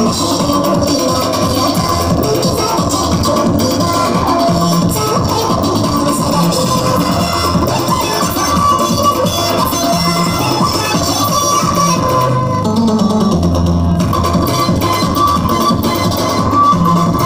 Oh.